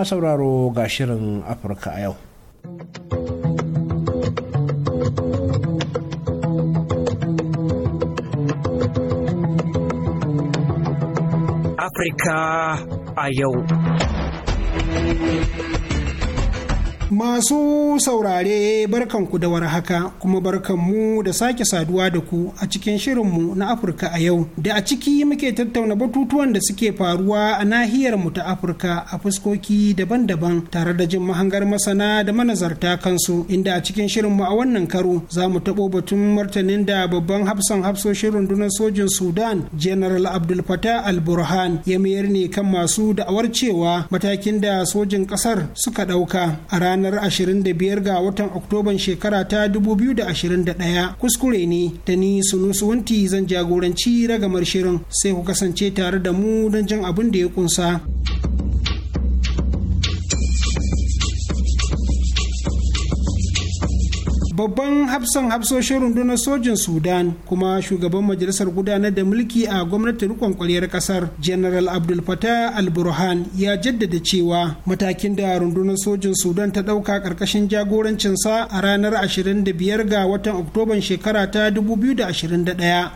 Speaker 1: ma sauraro ga shirin Afirka
Speaker 5: a yau. Afirka a yau.
Speaker 3: Masu saurare barkan ku da war haka kuma mu da sake saduwa da ku a cikin shirinmu na Afirka a yau da a ciki muke tattauna batutuwan da suke faruwa a nahiyar mu ta Afirka a fuskoki daban-daban tare da jin mahangar masana da manazarta kansu inda a cikin shirinmu a wannan karo za mu taɓo batun martanin da babban hafsan hafsoshin rundunar sojin Sudan General Abdul Fattah Al-Burhan ya mayar ne kan masu da'awar cewa matakin da sojin ƙasar suka ɗauka a ranar ranar 25 ga watan oktoban shekara ta 2021 kuskure ne da ni sunusu wanti zan jagoranci ragamar shirin sai ku kasance tare da mu don jan abin da ya kunsa. babban hafsan hafsoshin rundunar sojin sudan kuma shugaban majalisar gudanar da mulki a gwamnatin rikon kwaryar kasar general abdul fatah al-burhan ya jaddada cewa matakin da rundunar sojin sudan ta ɗauka ƙarƙashin jagorancinsa a ranar 25 ga watan oktoban shekara ta 2021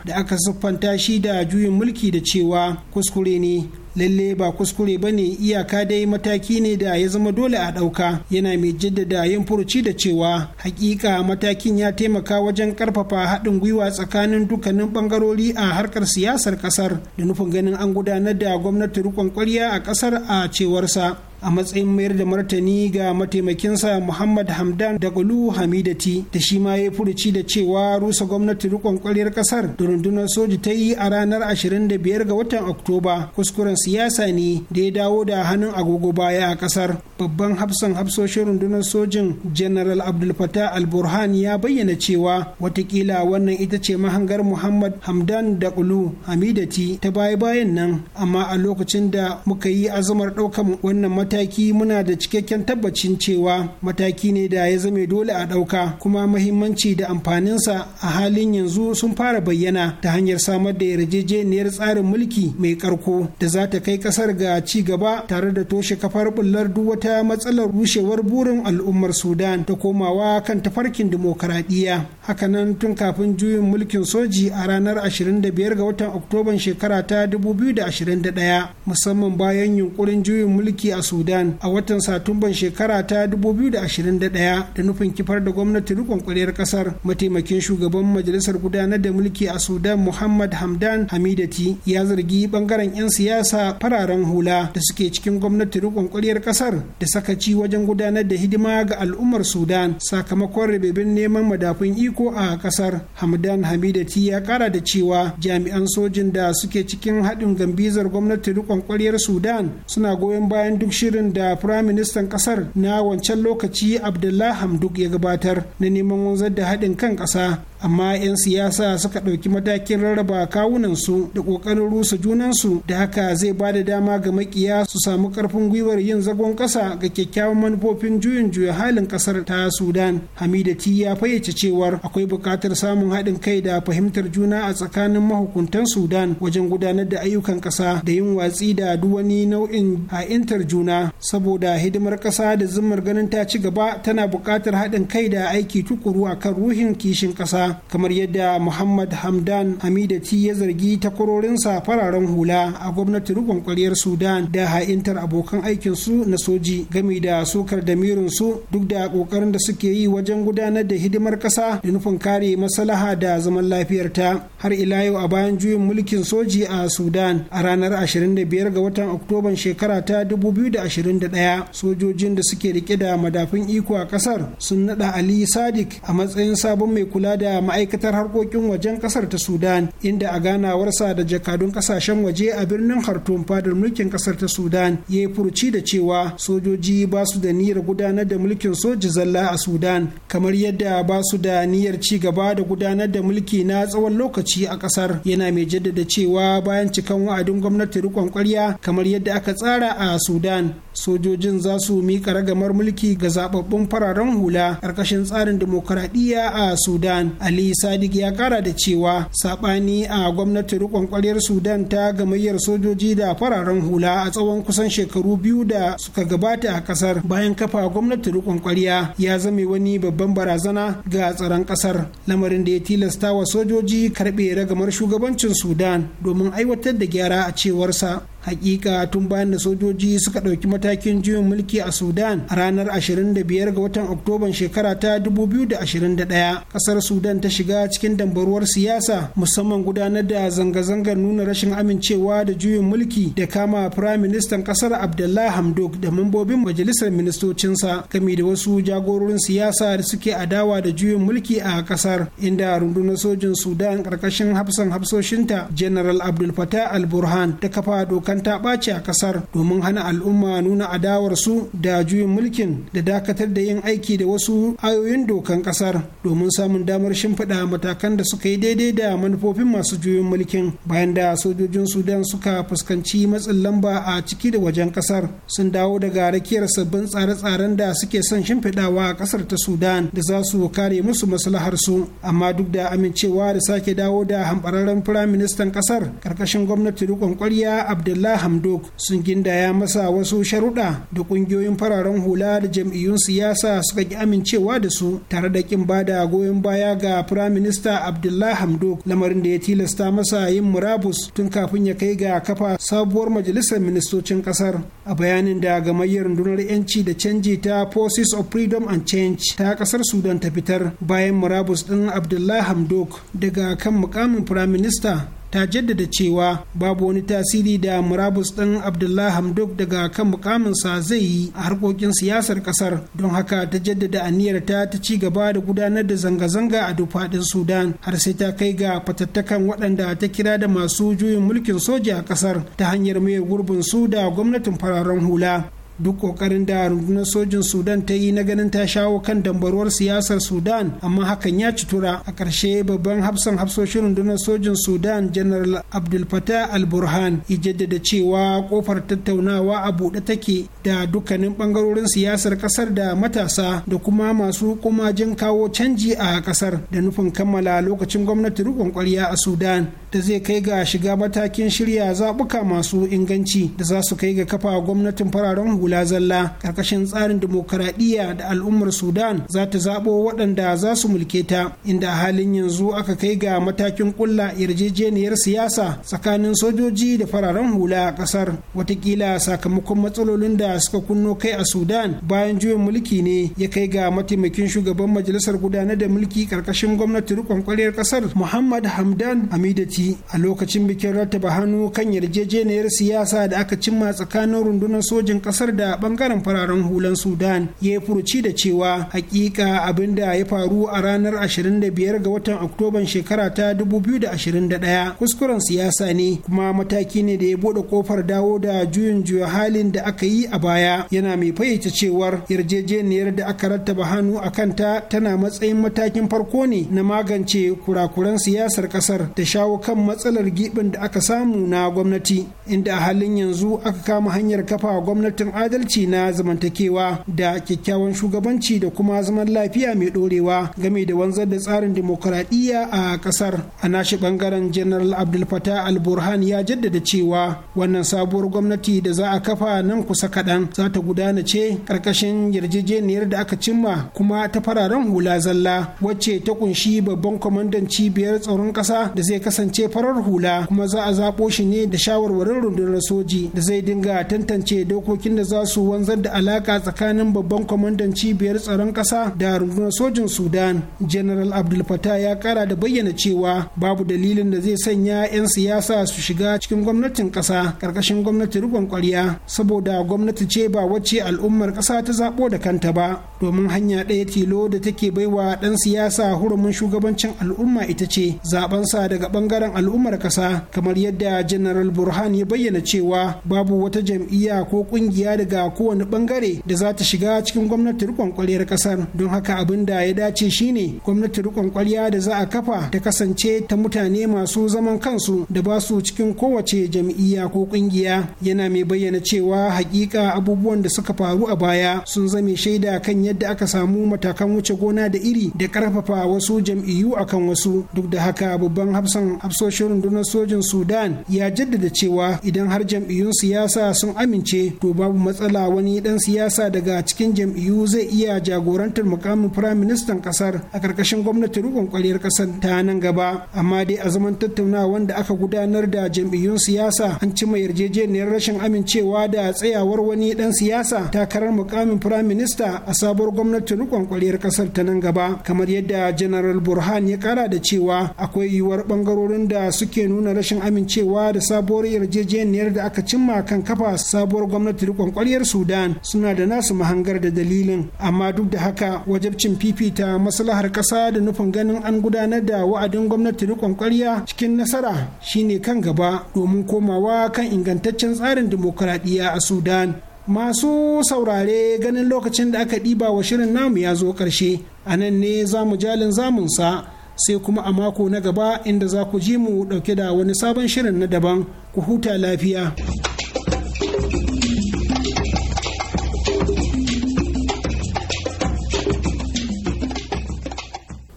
Speaker 3: da aka siffanta shi da juyin mulki da cewa kuskure ne lalle ba kuskure ba ne iyaka dai mataki ne da ya zama dole a ɗauka yana mai jaddada yin furuci da cewa hakika matakin ya taimaka wajen karfafa haɗin gwiwa tsakanin dukkanin ɓangarori a harkar siyasar ƙasar da nufin ganin an gudanar da gwamnati rikon ƙwarya a ƙasar a cewarsa a matsayin mayar da martani ga mataimakinsa muhammad hamdan da gulu hamidati da shi ma ya furuci da cewa rusa gwamnati rikon kwaliyar kasar da rundunar soji ta yi a ranar 25 ga watan oktoba kuskuren siyasa ne da ya dawo da hannun agogo baya a kasar babban hafsan hafsoshin rundunar sojin general abdul fattah al burhan ya bayyana cewa watakila wannan ita ce mahangar muhammad hamdan da gulu hamidati ta baya bayan nan amma a lokacin da muka yi azumar ɗaukar wannan mata mataki muna da cikakken tabbacin cewa mataki ne da ya zame dole a ɗauka kuma mahimmanci da amfaninsa a halin yanzu sun fara bayyana ta hanyar samar da yarjejeniyar tsarin mulki mai karko da za ta kai ƙasar ga ci gaba tare da toshe kafar bullar duk wata matsalar rushewar burin al'ummar sudan ta komawa kan tafarkin dimokuraɗiyya nan tun kafin juyin mulkin soji a ranar 25 ga watan oktoban shekara ta 2021 musamman bayan yunkurin juyin mulki a sudan sudan a watan satumban shekara ta 2021 da nufin kifar da gwamnati rikon kwaliyar kasar mataimakin shugaban majalisar gudanar da mulki a sudan muhammad hamdan hamidati ya zargi bangaren 'yan siyasa fararen hula da suke cikin gwamnati rikon kwaliyar kasar da sakaci wajen gudanar da hidima ga al'ummar sudan sakamakon rababin neman madafun iko a kasar hamdan hamidati ya kara da cewa jami'an sojin da suke cikin haɗin gambizar gwamnati rikon kwaliyar sudan suna goyon bayan duk shirin shirin da firaministan kasar na wancan lokaci abdullah hamduk ya gabatar na neman wanzar da haɗin kan ƙasa amma 'yan siyasa suka ɗauki matakin rarraba kawunansu da ƙoƙarin rusa junansu da haka zai ba da dama ga makiya su samu ƙarfin gwiwar yin zagon ƙasa ga kyakkyawan manufofin juyin juya halin ƙasar ta sudan hamida ti ya fayyace cewar akwai buƙatar samun haɗin kai da fahimtar juna a tsakanin mahukuntan sudan wajen gudanar da ayyukan ƙasa da yin watsi da duwani nau'in ha'intar juna saboda hidimar ƙasa da zumar ganin ta ci gaba tana buƙatar haɗin kai da aiki tukuru akan ruhin kishin ƙasa kamar yadda muhammad hamdan hamidati ya zargi takwarorinsa fararen hula a gwamnati rikon kwariyar sudan da ha'intar abokan aikinsu na soji game da sukar su duk da kokarin da suke yi wajen gudanar da hidimar kasa da nufin kare maslaha da zaman lafiyarta har ila yau a bayan juyin mulkin soji a sudan a ranar 25 ga watan oktoban shekara ta 2021 sojojin da suke rike da madafin iko a kasar sun nada ali sadik a matsayin sabon mai kula da ma'aikatar harkokin wajen kasar ta sudan inda a ganawarsa da jakadun kasashen waje a birnin khartoum fadar mulkin kasar ta sudan ya yi furuci da cewa sojoji ba su da niyyar gudanar da mulkin soji zalla a sudan kamar yadda ba su da niyyar ci gaba da gudanar da mulki na tsawon lokaci a kasar yana mai jaddada cewa bayan cikan wa'adin gwamnati rikon kwarya kamar yadda aka tsara a sudan sojojin za su miƙa ragamar mulki ga zababbun fararen hula ƙarƙashin tsarin demokuraɗiyya a sudan ali sadiq ya ƙara da cewa saɓani a gwamnati riƙon ƙwaryar sudan ta gamayyar sojoji da fararen hula a tsawon kusan shekaru biyu da suka gabata a ƙasar bayan kafa gwamnati riƙon ƙwarya ya zame wani babban barazana ga tsaron ƙasar lamarin da ya tilasta wa sojoji karɓe ragamar shugabancin sudan domin aiwatar da gyara a cewarsa hakika tun bayan da sojoji suka ɗauki matakin juyin mulki a sudan a ranar 25 ga watan oktoban shekara ta 2021 kasar sudan ta shiga cikin dambaruwar siyasa musamman gudanar da zanga-zangar nuna rashin amincewa da juyin mulki da kama firayim ministan ƙasar abdullah hamdok da mambobin majalisar ministocinsa game da wasu jagororin siyasa da suke adawa da juyin mulki a kasar inda rundunar sojin sudan ƙarƙashin hafsan hafsoshinta general abdul fatah al-burhan ta kafa dokar dokan ta ɓace a ƙasar domin hana al'umma nuna adawarsu da juyin mulkin da dakatar da yin aiki da wasu ayoyin dokan ƙasar domin samun damar shimfiɗa matakan da suka yi daidai da manufofin masu juyin mulkin bayan da sojojin sudan suka fuskanci matsin lamba a ciki da wajen ƙasar sun dawo daga rakiyar sabbin tsare-tsaren da suke son shimfiɗawa a ƙasar ta sudan da za su kare musu maslaharsu amma duk da amincewa da sake dawo da hambararren firaministan ƙasar ƙarƙashin gwamnati riƙon ƙwarya abdullahi Abdullah Hamdok sun gindaya masa wasu sharuɗa da ƙungiyoyin fararen hula da jam'iyyun siyasa suka ki amincewa da su tare da kin bada goyon baya ga Firaminista Abdullah Hamdok lamarin da ya tilasta masa yin murabus tun kafin ya kai ga kafa sabuwar majalisar ministocin ƙasar. A bayanin da gamayyar rundunar 'yanci da canji ta Forces of Freedom and Change ta ƙasar Sudan ta fitar bayan murabus ɗin Abdullah Hamdok daga kan mukamin Firaminista ta jaddada cewa babu wani tasiri da murabus ɗin abdullah hamduk daga kan mukaminsa zai yi a harkokin siyasar ƙasar don haka ta jaddada aniyarta ta ci gaba da gudanar da zanga-zanga a duk sudan har sai ta kai ga fatattakan waɗanda ta kira da masu juyin mulkin soja a ƙasar ta hanyar mai gurbin su da gwamnatin fararen hula duk kokarin da rundunar sojin sudan ta yi na ganin ta shawo kan dambarwar siyasar sudan amma hakan ya ci tura a ƙarshe babban hafsan hafsoshin rundunar sojin sudan general abdul fatah al burhan ya jaddada cewa kofar tattaunawa a buɗe take da dukkanin ɓangarorin siyasar ƙasar da matasa da kuma masu kumajin kawo canji a ƙasar da nufin kammala lokacin gwamnati riƙon ƙwarya a sudan da zai kai ga shiga matakin shirya zaɓuka masu inganci da za su kai ga kafa gwamnatin fararen hula zalla karkashin tsarin dimokuraɗiyya da al'ummar sudan za ta zaɓo waɗanda za su mulke ta inda a halin yanzu aka kai ga matakin ƙulla yarjejeniyar siyasa tsakanin sojoji da fararen hula a ƙasar watakila sakamakon matsalolin da suka kunno kai a sudan bayan juyin mulki ne ya kai ga mataimakin shugaban majalisar gudanar da mulki karkashin gwamnati rikon kwaryar kasar muhammad hamdan hamidati a lokacin bikin rattaba hannu kan yarjejeniyar siyasa da aka cimma tsakanin rundunar sojin kasar da bangaren fararen hulan sudan ya yi furuci da cewa hakika abin da ya faru a ranar 25 ga watan oktoban shekara ta 2021 kuskuren siyasa ne kuma mataki ne da ya bude kofar dawo da juyin juya halin da aka yi a baya yana mai fayyace cewar yarjejeniyar da aka rattaba hannu a kanta tana matsayin matakin farko ne na magance kurakuran siyasar kasar da shawo kan matsalar gibin da aka samu na gwamnati inda a halin yanzu aka kama hanyar kafa gwamnatin adalci na zamantakewa da kyakkyawan shugabanci da kuma zaman lafiya mai dorewa game da wanzar da tsarin demokuraɗiyya a ƙasar a nashi ɓangaren general abdul fatah al-burhan ya jaddada cewa wannan sabuwar gwamnati da za a kafa nan kusa kaɗan za ta gudana ce ƙarƙashin yarjejeniyar da aka cimma kuma ta fararen hula zalla wacce ta kunshi babban kwamandan cibiyar tsaron ƙasa da zai kasance farar hula kuma za a zaɓo shi ne da shawarwarin rundunar soji da zai dinga tantance dokokin da za za su wanzar da alaka tsakanin babban kwamandan cibiyar tsaron ƙasa da rundunar sojin sudan general abdul fatah ya kara da bayyana cewa babu dalilin da zai sanya 'yan siyasa su shiga cikin gwamnatin ƙasa ƙarƙashin gwamnati rigon ƙwarya saboda gwamnati ce ba wacce al'ummar ƙasa ta zaɓo da kanta ba domin hanya ɗaya tilo da take baiwa ɗan siyasa hurumin shugabancin al'umma ita ce zaɓensa daga ɓangaren al'ummar ƙasa kamar yadda general burhan ya bayyana cewa babu wata jam'iyya ko ƙungiya da daga kowane bangare da za ta shiga cikin gwamnatin rikon kwaliyar kasar don haka abin da ya dace shine gwamnatin rikon kwaliya da za a kafa ta kasance ta mutane masu zaman kansu da ba su cikin kowace jam'iyya ko kungiya yana mai bayyana cewa hakika abubuwan da suka faru a baya sun zame shaida kan yadda aka samu matakan wuce gona da iri da karfafa wasu jam'iyyu akan wasu duk da haka babban hafsan hafsoshin rundunar sojin sudan ya jaddada cewa idan har jam'iyyun siyasa sun amince to babu matsala wani dan siyasa daga cikin jam'iyyu zai iya jagorantar mukamin firayim ministan kasar a karkashin gwamnati rikon kwaliyar kasar ta nan gaba amma dai a zaman tattaunawa wanda aka gudanar da jam'iyyun siyasa an ci mai yarjejeniyar rashin amincewa da tsayawar wani dan siyasa takarar mukamin firayim minista a sabuwar gwamnatin rikon kwaliyar kasar ta nan gaba kamar yadda general burhan ya kara da cewa akwai yiwuwar bangarorin da suke nuna rashin amincewa da sabuwar yarjejeniyar da aka cimma kan kafa sabuwar gwamnati rikon jamhuriyar sudan suna da nasu mahangar da dalilin amma duk da haka wajabcin fifita maslahar kasa da nufin ganin an gudanar da wa'adin gwamnati rikon kwarya cikin nasara shine kan gaba domin komawa kan ingantaccen tsarin dimokuraɗiyya a sudan masu saurare ganin lokacin da aka ɗiba wa shirin namu ya zo ƙarshe a nan ne za mu jalin zamunsa sai kuma a mako na gaba inda za ku ji mu ɗauke da wani sabon shirin na daban ku huta lafiya.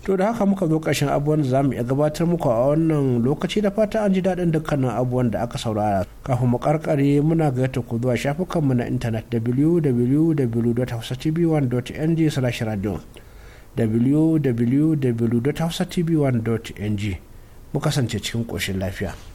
Speaker 1: to da haka muka zo ƙarshen abubuwan da za mu iya gabatar muku a wannan lokaci da fata an ji daɗin dukkanin abubuwan da aka saurara kafin mu karkare muna gayyata ku zuwa shafukanmu na intanet www.hausatv1.ng slash radio www.hausatv1.ng mu kasance cikin ƙoshin lafiya.